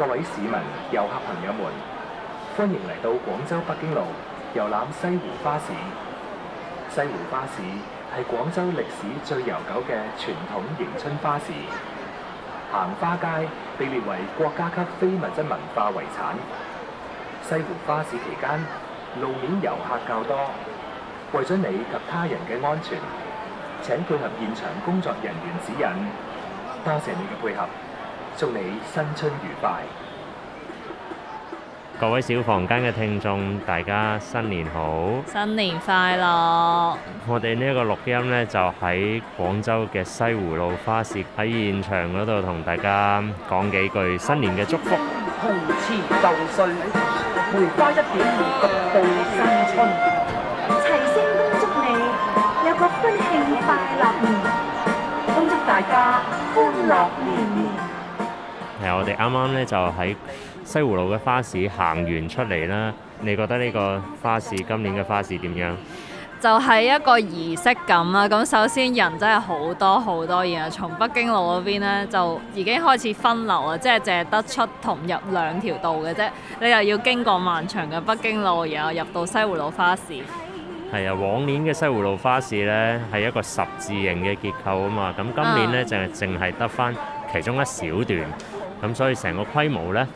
各位市民、遊客朋友們，歡迎嚟到廣州北京路遊覽西湖花市。西湖花市係廣州歷史最悠久嘅傳統迎春花市，行花街被列為國家級非物質文化遺產。西湖花市期間，路面遊客較多，為咗你及他人嘅安全，請配合現場工作人員指引，多謝你嘅配合。祝你新春愉快，各位小房間嘅聽眾，大家新年好，新年快樂。我哋呢個錄音呢，就喺廣州嘅西湖路花市喺現場嗰度同大家講幾句新年嘅祝福。紅辭舊歲，梅花一點，各道新春。新春齊聲恭祝你有個歡慶快樂年，恭祝大家歡樂年。係，我哋啱啱咧就喺西湖路嘅花市行完出嚟啦。你覺得呢個花市今年嘅花市點樣？就係一個儀式感啦。咁首先人真係好多好多，然後從北京路嗰邊咧就已經開始分流啦，即係淨係得出同入兩條道嘅啫。你又要經過漫長嘅北京路，然後入到西湖路花市。係啊，往年嘅西湖路花市咧係一個十字形嘅結構啊嘛。咁今年咧淨係淨係得翻其中一小段。咁、嗯、所以成個規模呢，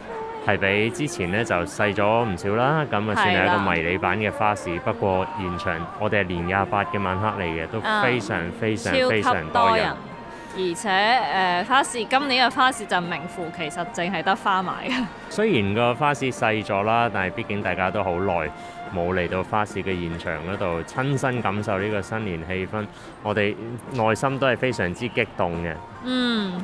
係比之前呢就細咗唔少啦，咁啊算係一個迷你版嘅花市。不過現場我哋係年廿八嘅晚黑嚟嘅，都非常非常非常多人。嗯、多人而且誒、呃、花市今年嘅花市就名副其實，淨係得花賣嘅。雖然個花市細咗啦，但係畢竟大家都好耐冇嚟到花市嘅現場嗰度，親身感受呢個新年氣氛，我哋內心都係非常之激動嘅。嗯。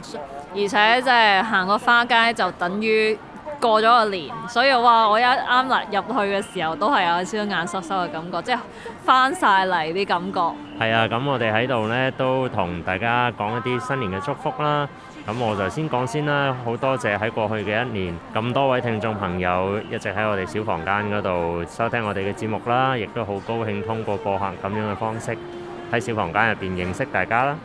而且即係行個花街就等於過咗個年，所以我話我一啱入入去嘅時候都係有啲眼濕濕嘅感覺，即係翻晒嚟啲感覺。係啊，咁我哋喺度呢，都同大家講一啲新年嘅祝福啦。咁我就先講先啦，好多謝喺過去嘅一年咁多位聽眾朋友一直喺我哋小房間嗰度收聽我哋嘅節目啦，亦都好高興通過播客咁樣嘅方式喺小房間入邊認識大家啦。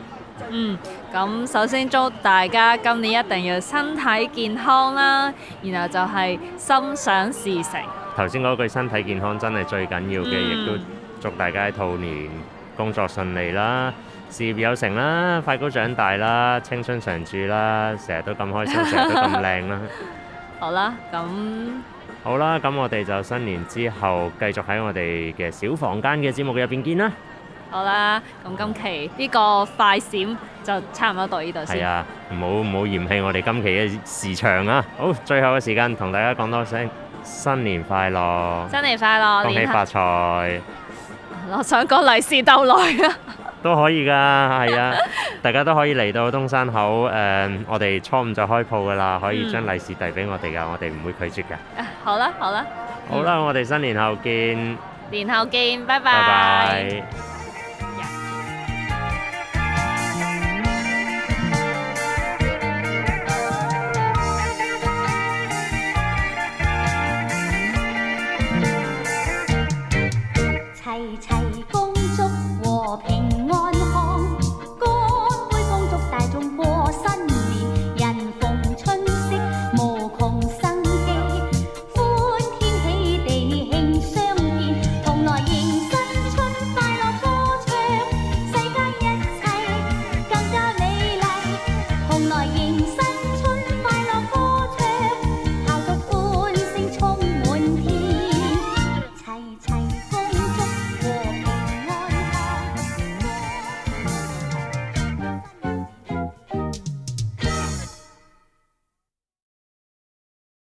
嗯，咁首先祝大家今年一定要身體健康啦，然後就係心想事成。頭先嗰句身體健康真係最緊要嘅，嗯、亦都祝大家兔年工作順利啦，事業有成啦，快高長大啦，青春常駐啦，成日都咁開心，成日 都咁靚啦。好啦，咁好啦，咁我哋就新年之後繼續喺我哋嘅小房間嘅節目入邊見啦。好啦，咁今期呢個快閃就差唔多到呢度先。係啊，唔好唔好嫌棄我哋今期嘅時長啊！好，最後嘅時間同大家講多聲新年快樂，新年快樂，恭喜發財。我想講利是逗來啊！都可以噶，係啊， 大家都可以嚟到東山口誒、呃，我哋初五就開鋪噶啦，可以將利是遞俾我哋噶，嗯、我哋唔會拒絕嘅、嗯啊。好啦，好啦，好啦，我哋新年後見，年後見，bye bye bye 拜拜。齊齊共祝和平。